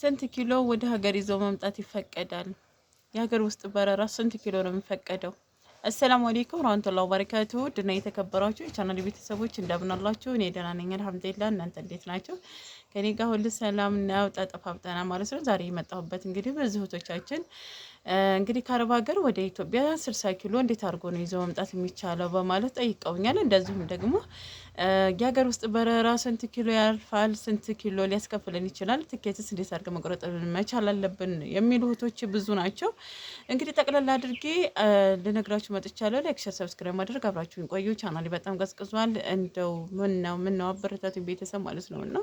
ስንት ኪሎ ወደ ሀገር ይዘው መምጣት ይፈቀዳል? የሀገር ውስጥ በረራ ስንት ኪሎ ነው የሚፈቀደው? አሰላሙ አሌይኩም ረህመቱላሂ ወበረካቱ ድና የተከበራችሁ የቻናል ቤተሰቦች እንደምናላችሁ፣ እኔ ደህና ነኝ አልሐምዱሊላህ። እናንተ እንዴት ናቸው? ከኔ ጋር ሁሉ ሰላም ነው። ጠጠፋብጠና ማለት ነው። ዛሬ የመጣሁበት እንግዲህ በዚህ እህቶቻችን እንግዲህ ከአረብ ሀገር ወደ ኢትዮጵያ ስልሳ ኪሎ እንዴት አድርጎ ነው ይዘው መምጣት የሚቻለው በማለት ጠይቀውኛል። እንደዚሁም ደግሞ የሀገር ውስጥ በረራ ስንት ኪሎ ያልፋል? ስንት ኪሎ ሊያስከፍለን ይችላል? ትኬትስ እንዴት አድርገ መቁረጥ መቻል አለብን? የሚሉ እህቶች ብዙ ናቸው። እንግዲህ ጠቅላላ አድርጌ ልነግራችሁ መጥቻለሁ። ላይክ፣ ሸር፣ ሰብስክራይብ ማድረግ አብራችሁን ቆዩ። ቻናሌ በጣም ቀዝቅዟል። እንደው ምነው ነው አበረታቱኝ ቤተሰብ ማለት ነው እና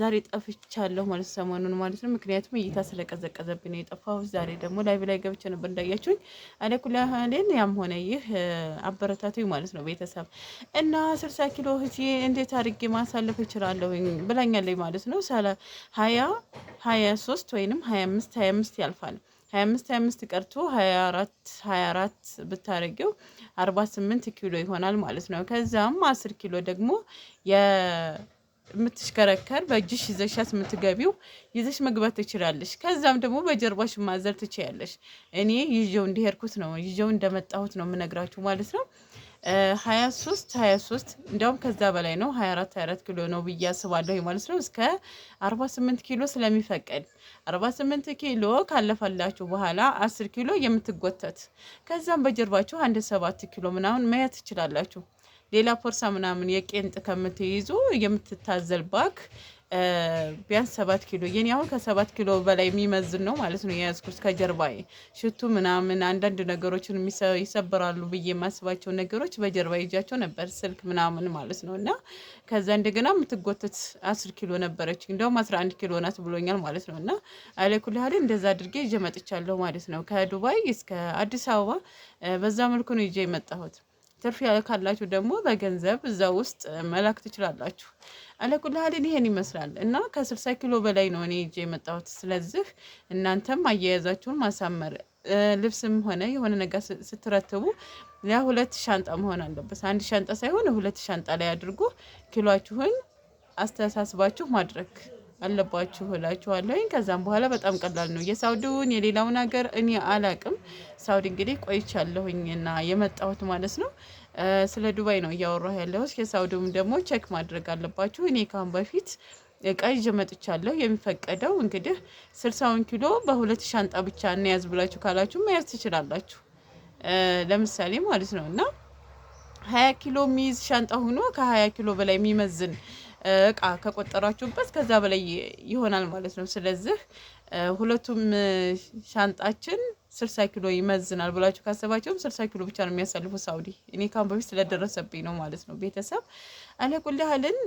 ዛሬ ጠፍቻለሁ ማለት ሰሞኑን ማለት ነው። ምክንያቱም እይታ ስለቀዘቀዘብኝ ነው የጠፋሁት። ዛሬ ደግሞ ላይቭ ላይ ገብቼ ነበር እንዳያችሁኝ። አለኩላህሌን ያም ሆነ ይህ አበረታቱኝ ማለት ነው ቤተሰብ እና ስልሳ ኪሎ ህዜ እንዴት አድርጌ ማሳለፍ እችላለሁኝ ብላኛለኝ ማለት ነው። ሰለ ሀያ ሀያ ሶስት ወይንም ሀያ አምስት ሀያ አምስት ያልፋል ሀያ አምስት ሀያ አምስት ቀርቶ ሀያ አራት ሀያ አራት ብታረጊው አርባ ስምንት ኪሎ ይሆናል ማለት ነው። ከዛም አስር ኪሎ ደግሞ የ የምትሽከረከር በእጅሽ ይዘሻት የምትገቢው ይዘሽ መግባት ትችላለሽ። ከዛም ደግሞ በጀርባሽ ማዘር ትችያለሽ። እኔ ይዤው እንዲሄድኩት ነው ይዤው እንደመጣሁት ነው የምነግራችሁ ማለት ነው። ሀያ ሶስት ሀያ ሶስት እንዲያውም ከዛ በላይ ነው ሀያ አራት ሀያ አራት ኪሎ ነው ብዬ አስባለሁ ማለት ነው። እስከ አርባ ስምንት ኪሎ ስለሚፈቀድ አርባ ስምንት ኪሎ ካለፈላችሁ በኋላ አስር ኪሎ የምትጎተት ከዛም በጀርባችሁ አንድ ሰባት ኪሎ ምናምን መያዝ ትችላላችሁ። ሌላ ፖርሳ ምናምን የቄንጥ ከምትይዙ የምትታዘል ባክ ቢያንስ ሰባት ኪሎ የኔ አሁን ከሰባት ኪሎ በላይ የሚመዝን ነው ማለት ነው የያዝኩት ከጀርባዬ ሽቱ ምናምን አንዳንድ ነገሮችን ይሰብራሉ ብዬ የማስባቸው ነገሮች በጀርባ ይዣቸው ነበር ስልክ ምናምን ማለት ነው እና ከዛ እንደገና የምትጎተት አስር ኪሎ ነበረች እንደውም አስራ አንድ ኪሎ ናት ብሎኛል ማለት ነው እና አለኩል ያህል እንደዛ አድርጌ ይዤ መጥቻለሁ ማለት ነው ከዱባይ እስከ አዲስ አበባ በዛ መልኩ ነው ይዤ የመጣሁት ትርፍ ካላችሁ ደግሞ በገንዘብ እዛ ውስጥ መላክ ትችላላችሁ። አለቁላህልን ይሄን ይመስላል እና ከስልሳ ኪሎ በላይ ነው እኔ ይዤ የመጣሁት። ስለዚህ እናንተም አያያዛችሁን ማሳመር ልብስም ሆነ የሆነ ነገር ስትረትቡ ያ ሁለት ሻንጣ መሆን አለበት። አንድ ሻንጣ ሳይሆን ሁለት ሻንጣ ላይ አድርጎ ኪሏችሁን አስተሳስባችሁ ማድረግ አለባችሁ እላችኋለሁ። ከዛም በኋላ በጣም ቀላል ነው። የሳውዲውን የሌላውን ሀገር እኔ አላቅም። ሳውዲ እንግዲህ ቆይቻለሁኝ እና የመጣሁት ማለት ነው። ስለ ዱባይ ነው እያወራሁ ያለሁት። የሳውዲውም ደግሞ ቼክ ማድረግ አለባችሁ። እኔ ካሁን በፊት እቃ ይዤ መጥቻለሁ። የሚፈቀደው እንግዲህ ስልሳውን ኪሎ በሁለት ሻንጣ ብቻ እንያዝ ብላችሁ ካላችሁ መያዝ ትችላላችሁ። ለምሳሌ ማለት ነው እና ሀያ ኪሎ የሚይዝ ሻንጣ ሆኖ ከሀያ ኪሎ በላይ የሚመዝን እቃ ከቆጠራችሁበት ከዛ በላይ ይሆናል ማለት ነው። ስለዚህ ሁለቱም ሻንጣችን ስልሳ ኪሎ ይመዝናል ብላችሁ ካሰባችሁም ስልሳ ኪሎ ብቻ ነው የሚያሳልፉ ሳውዲ። እኔ ካሁን በፊት ስለደረሰብኝ ነው ማለት ነው። ቤተሰብ አለቁልህልን።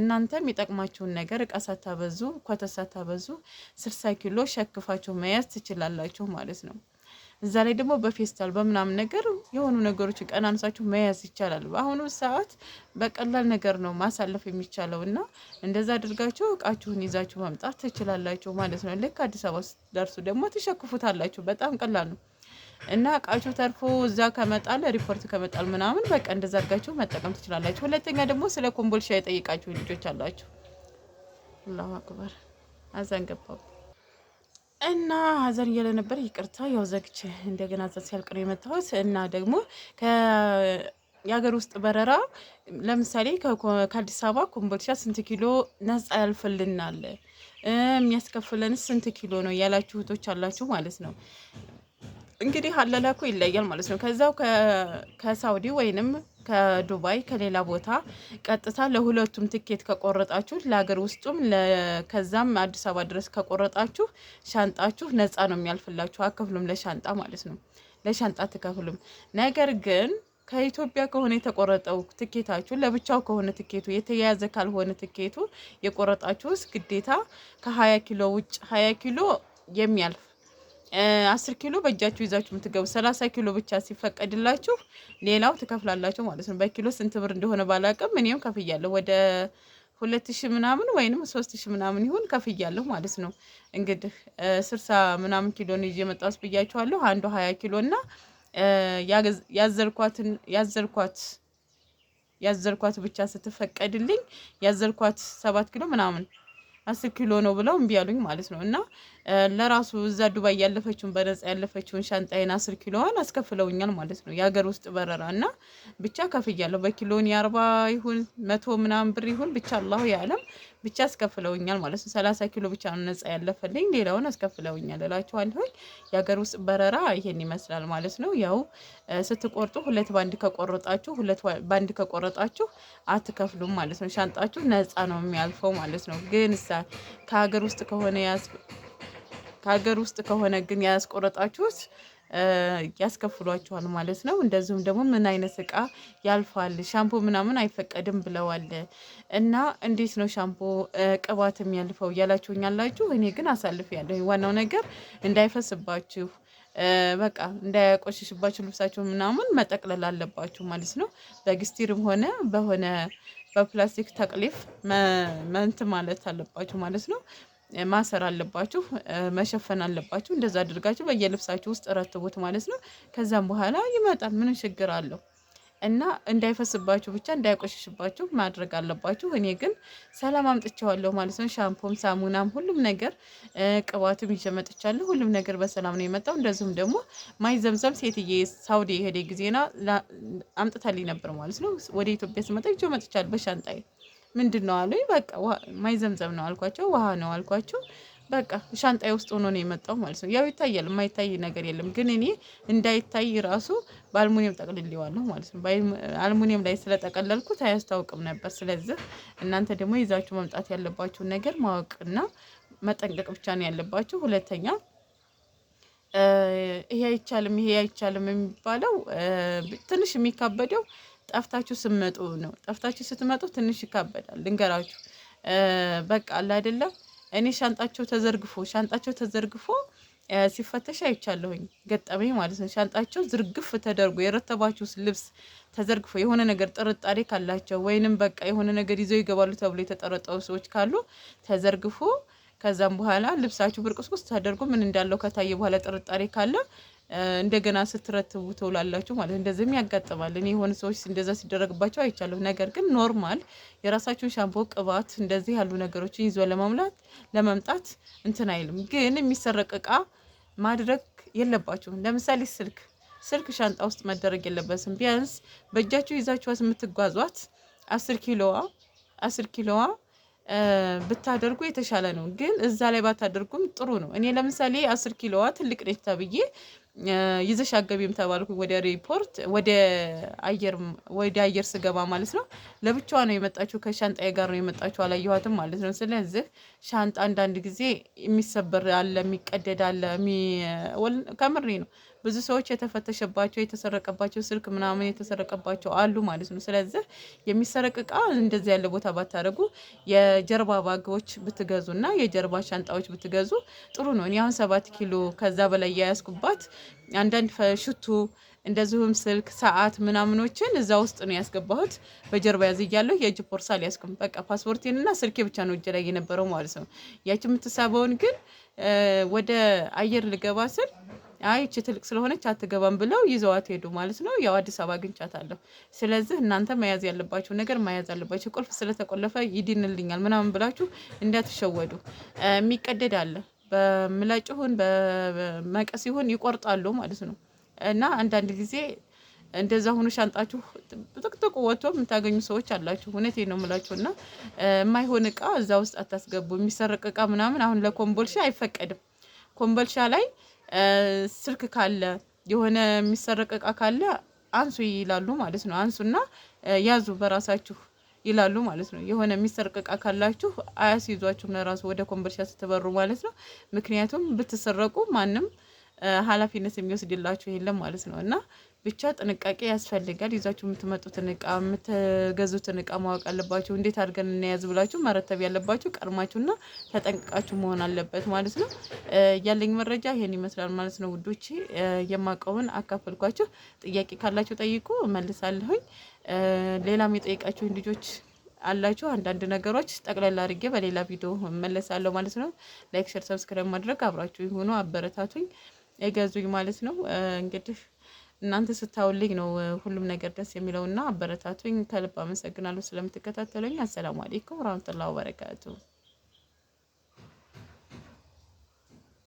እናንተም የሚጠቅማችሁን ነገር እቃ ሳታበዙ፣ ኮተ ሳታበዙ ስልሳ ኪሎ ሸክፋችሁ መያዝ ትችላላችሁ ማለት ነው። እዛ ላይ ደግሞ በፌስታል በምናምን ነገር የሆኑ ነገሮች ቀናንሳችሁ መያዝ ይቻላል። በአሁኑ ሰዓት በቀላል ነገር ነው ማሳለፍ የሚቻለው እና እንደዛ አድርጋችሁ እቃችሁን ይዛችሁ መምጣት ትችላላችሁ ማለት ነው። ልክ አዲስ አበባ ስትደርሱ ደግሞ ትሸክፉታላችሁ። በጣም ቀላል ነው እና እቃችሁ ተርፎ እዛ ከመጣል ሪፖርት ከመጣል ምናምን በቃ እንደዛ አድርጋችሁ መጠቀም ትችላላችሁ። ሁለተኛ ደግሞ ስለ ኮምቦልሻ የጠይቃችሁ ልጆች አላችሁ። አላሁ አክበር አዛን እና ሀዘን እያለ ነበር። ይቅርታ ያው ዘግቼ እንደገና ዛ ሲያልቅ ነው እና ደግሞ የሀገር ውስጥ በረራ ለምሳሌ ከአዲስ አበባ ኮምቦልቻ ስንት ኪሎ ነፃ ያልፍልናል? የሚያስከፍለን ስንት ኪሎ ነው ያላችሁ እህቶች አላችሁ ማለት ነው። እንግዲህ አለላኩ ይለያል ማለት ነው። ከዛው ከሳውዲ ወይንም ከዱባይ ከሌላ ቦታ ቀጥታ ለሁለቱም ትኬት ከቆረጣችሁ ለሀገር ውስጡም ከዛም አዲስ አበባ ድረስ ከቆረጣችሁ ሻንጣችሁ ነጻ ነው የሚያልፍላችሁ። አከፍሉም ለሻንጣ ማለት ነው። ለሻንጣ ትከፍሉም። ነገር ግን ከኢትዮጵያ ከሆነ የተቆረጠው ትኬታችሁ ለብቻው ከሆነ ትኬቱ የተያያዘ ካልሆነ ትኬቱ የቆረጣችሁስ ግዴታ ከሀያ ኪሎ ውጭ ሀያ ኪሎ የሚያልፍ አስር ኪሎ በእጃችሁ ይዛችሁ የምትገቡ ሰላሳ ኪሎ ብቻ ሲፈቀድላችሁ ሌላው ትከፍላላችሁ ማለት ነው። በኪሎ ስንት ብር እንደሆነ ባላቅም እኔም ከፍያለሁ ወደ ሁለት ሺህ ምናምን ወይንም ሶስት ሺህ ምናምን ይሁን ከፍያለሁ ማለት ነው። እንግዲህ ስርሳ ምናምን ኪሎ ነው ይዤ መጣሁት ብያችኋለሁ። አንዱ ሀያ ኪሎ እና ያዘርኳትን ያዘርኳት ያዘርኳት ብቻ ስትፈቀድልኝ ያዘርኳት ሰባት ኪሎ ምናምን አስር ኪሎ ነው ብለው እምቢ አሉኝ ማለት ነው። እና ለራሱ እዛ ዱባይ ያለፈችውን በነጻ ያለፈችውን ሻንጣይን አስር ኪሎዋን አስከፍለውኛል ማለት ነው። የሀገር ውስጥ በረራ እና ብቻ ከፍያለሁ በኪሎን የአርባ ይሁን መቶ ምናምን ብር ይሁን ብቻ አላሁ የዓለም ብቻ አስከፍለውኛል ማለት ነው። ሰላሳ ኪሎ ብቻ ነው ነጻ ያለፈልኝ፣ ሌላውን አስከፍለውኛል እላችኋለሁኝ። የሀገር ውስጥ በረራ ይሄን ይመስላል ማለት ነው። ያው ስትቆርጡ ሁለት ባንድ ከቆረጣችሁ ሁለት ባንድ ከቆረጣችሁ አትከፍሉም ማለት ነው። ሻንጣችሁ ነጻ ነው የሚያልፈው ማለት ነው ግን ይችላል። ከሀገር ውስጥ ከሆነ ከሀገር ውስጥ ከሆነ ግን ያስቆረጣችሁት ያስከፍሏችኋል ማለት ነው። እንደዚሁም ደግሞ ምን አይነት እቃ ያልፋል ሻምፖ ምናምን አይፈቀድም ብለዋል እና እንዴት ነው ሻምፖ ቅባት የሚያልፈው እያላችሁኝ ያላችሁ፣ እኔ ግን አሳልፍ ያለሁ ዋናው ነገር እንዳይፈስባችሁ በቃ እንዳያቆሽሽባችሁ ልብሳችሁ ምናምን መጠቅለል አለባችሁ ማለት ነው። በግስቲርም ሆነ በሆነ በፕላስቲክ ተቅሊፍ መንት ማለት አለባችሁ ማለት ነው። ማሰር አለባችሁ፣ መሸፈን አለባችሁ። እንደዛ አድርጋችሁ በየልብሳችሁ ውስጥ ረትቡት ማለት ነው። ከዛም በኋላ ይመጣል። ምንም ችግር አለው? እና እንዳይፈስባችሁ ብቻ እንዳይቆሸሽባቸው ማድረግ አለባችሁ። እኔ ግን ሰላም አምጥቼዋለሁ ማለት ነው። ሻምፖም፣ ሳሙናም፣ ሁሉም ነገር ቅባትም ይዤ መጥቻለሁ። ሁሉም ነገር በሰላም ነው የመጣው። እንደዚሁም ደግሞ ማይ ዘምዘም ሴትዬ ሳውዲ የሄደ ጊዜና አምጥታልኝ ነበር ማለት ነው። ወደ ኢትዮጵያ ስመጣ ይዤ መጥቻለሁ በሻንጣዬ። ምንድን ነው አሉኝ። በቃ ማይ ዘምዘም ነው አልኳቸው። ውሃ ነው አልኳቸው። በቃ ሻንጣዬ ውስጥ ሆኖ ነው የመጣው ማለት ነው። ያው ይታያል፣ የማይታይ ነገር የለም። ግን እኔ እንዳይታይ ራሱ በአልሙኒየም ጠቅልሌዋለሁ ማለት ነው። አልሙኒየም ላይ ስለጠቀለልኩት አያስታውቅም ነበር። ስለዚህ እናንተ ደግሞ ይዛችሁ መምጣት ያለባችሁን ነገር ማወቅና መጠንቀቅ ብቻ ነው ያለባችሁ። ሁለተኛ ይሄ አይቻልም፣ ይሄ አይቻልም የሚባለው ትንሽ የሚካበደው ጠፍታችሁ ስመጡ ነው። ጠፍታችሁ ስትመጡ ትንሽ ይካበዳል። ልንገራችሁ በቃ አለ አይደለም እኔ ሻንጣቸው ተዘርግፎ ሻንጣቸው ተዘርግፎ ሲፈተሽ አይቻለሁኝ። ገጠመኝ ማለት ነው። ሻንጣቸው ዝርግፍ ተደርጎ የረተባችሁ ልብስ ተዘርግፎ የሆነ ነገር ጥርጣሬ ካላቸው ወይንም በቃ የሆነ ነገር ይዘው ይገባሉ ተብሎ የተጠረጠሩ ሰዎች ካሉ ተዘርግፎ ከዛም በኋላ ልብሳችሁ ብርቅስቁስ ተደርጎ ምን እንዳለው ከታየ በኋላ ጥርጣሬ ካለ እንደገና ስትረትቡ ትውላላችሁ ማለት እንደዚህም ያጋጥማል። እኔ የሆኑ ሰዎች እንደዛ ሲደረግባቸው አይቻለሁ። ነገር ግን ኖርማል የራሳችሁን ሻምፖ፣ ቅባት እንደዚህ ያሉ ነገሮችን ይዞ ለመምላት ለመምጣት እንትን አይልም። ግን የሚሰረቅ እቃ ማድረግ የለባችሁም። ለምሳሌ ስልክ ስልክ ሻንጣ ውስጥ መደረግ የለበትም። ቢያንስ በእጃችሁ ይዛችኋት የምትጓዟት አስር ኪሎዋ አስር ኪሎዋ ብታደርጉ የተሻለ ነው። ግን እዛ ላይ ባታደርጉም ጥሩ ነው። እኔ ለምሳሌ አስር ኪሎዋ ትልቅ ነች ተብዬ ይዘሽ አገቢም ተባልኩ። ወደ ሪፖርት ወደ አየር ወደ አየር ስገባ ማለት ነው። ለብቻዋ ነው የመጣችው፣ ከሻንጣዬ ጋር ነው የመጣችው። አላየኋትም ማለት ነው። ስለዚህ ሻንጣ አንዳንድ ጊዜ የሚሰበር አለ፣ የሚቀደድ አለ። ከምሬ ነው። ብዙ ሰዎች የተፈተሸባቸው የተሰረቀባቸው ስልክ ምናምን የተሰረቀባቸው አሉ ማለት ነው። ስለዚህ የሚሰረቅ እቃ እንደዚህ ያለ ቦታ ባታደርጉ የጀርባ ብትገዙ እና የጀርባ ሻንጣዎች ብትገዙ ጥሩ ነው። እኔ አሁን ሰባት ኪሎ ከዛ በላይ የያዝኩባት አንዳንድ ሽቱ እንደዚሁም ስልክ፣ ሰዓት ምናምኖችን እዛ ውስጥ ነው ያስገባሁት። በጀርባ ያዝ እያለሁ የእጅ ፖርሳል ያስቁም በቃ ፓስፖርቴን ፓስፖርቴንና ስልኬ ብቻ ነው እጅ ላይ የነበረው ማለት ነው። ያች የምትሳበውን ግን ወደ አየር ልገባ ስል አይ ትልቅ ስለሆነች አትገባም ብለው ይዘዋት ሄዱ ማለት ነው። ያው አዲስ አበባ አግኝቻታለሁ። ስለዚህ እናንተ መያዝ ያለባችሁ ነገር መያዝ አለባችሁ። ቁልፍ ስለተቆለፈ ይድንልኛል ምናምን ብላችሁ እንዳትሸወዱ። የሚቀደድ አለ፣ በምላጭ ይሁን በመቀስ ይሁን ይቆርጣሉ ማለት ነው። እና አንዳንድ ጊዜ እንደዛ ሆኖ ሻንጣችሁ ጥቅጥቁ ወጥቶ የምታገኙ ሰዎች አላችሁ። እውነቴ ነው የምላችሁ። እና የማይሆን እቃ እዛ ውስጥ አታስገቡ። የሚሰረቅ እቃ ምናምን አሁን ለኮምቦልሻ አይፈቀድም። ኮምቦልሻ ላይ ስልክ ካለ የሆነ የሚሰረቅ እቃ ካለ አንሱ ይላሉ ማለት ነው። አንሱና ያዙ በራሳችሁ ይላሉ ማለት ነው። የሆነ የሚሰርቅ እቃ ካላችሁ አያስይዟችሁም ለራሱ ወደ ኮምቦልቻ ስትበሩ ማለት ነው። ምክንያቱም ብትሰረቁ ማንም ኃላፊነት የሚወስድላችሁ የለም ማለት ነው እና ብቻ ጥንቃቄ ያስፈልጋል። ይዛችሁ የምትመጡትን እቃ የምትገዙትን እቃ ማወቅ አለባችሁ። እንዴት አድርገን እናያዝ ብላችሁ መረተብ ያለባችሁ ቀድማችሁና ተጠንቅቃችሁ መሆን አለበት ማለት ነው። ያለኝ መረጃ ይሄን ይመስላል ማለት ነው ውዶች። የማውቀውን አካፈልኳችሁ። ጥያቄ ካላችሁ ጠይቁ መልሳለሁኝ። ሌላም የጠየቃችሁኝ ልጆች አላችሁ አንዳንድ ነገሮች ጠቅላላ አድርጌ በሌላ ቪዲዮ መለሳለሁ ማለት ነው። ላይክ፣ ሸር፣ ሰብስክራይብ ማድረግ አብራችሁ ሆኖ አበረታቱኝ፣ እገዙኝ ማለት ነው እንግዲህ እናንተ ስታውልኝ ነው ሁሉም ነገር ደስ የሚለውና አበረታቱኝ። ከልብ አመሰግናለሁ ስለምትከታተሉኝ። አሰላሙ አሌይኩም ወራህመቱላሂ ወበረካቱ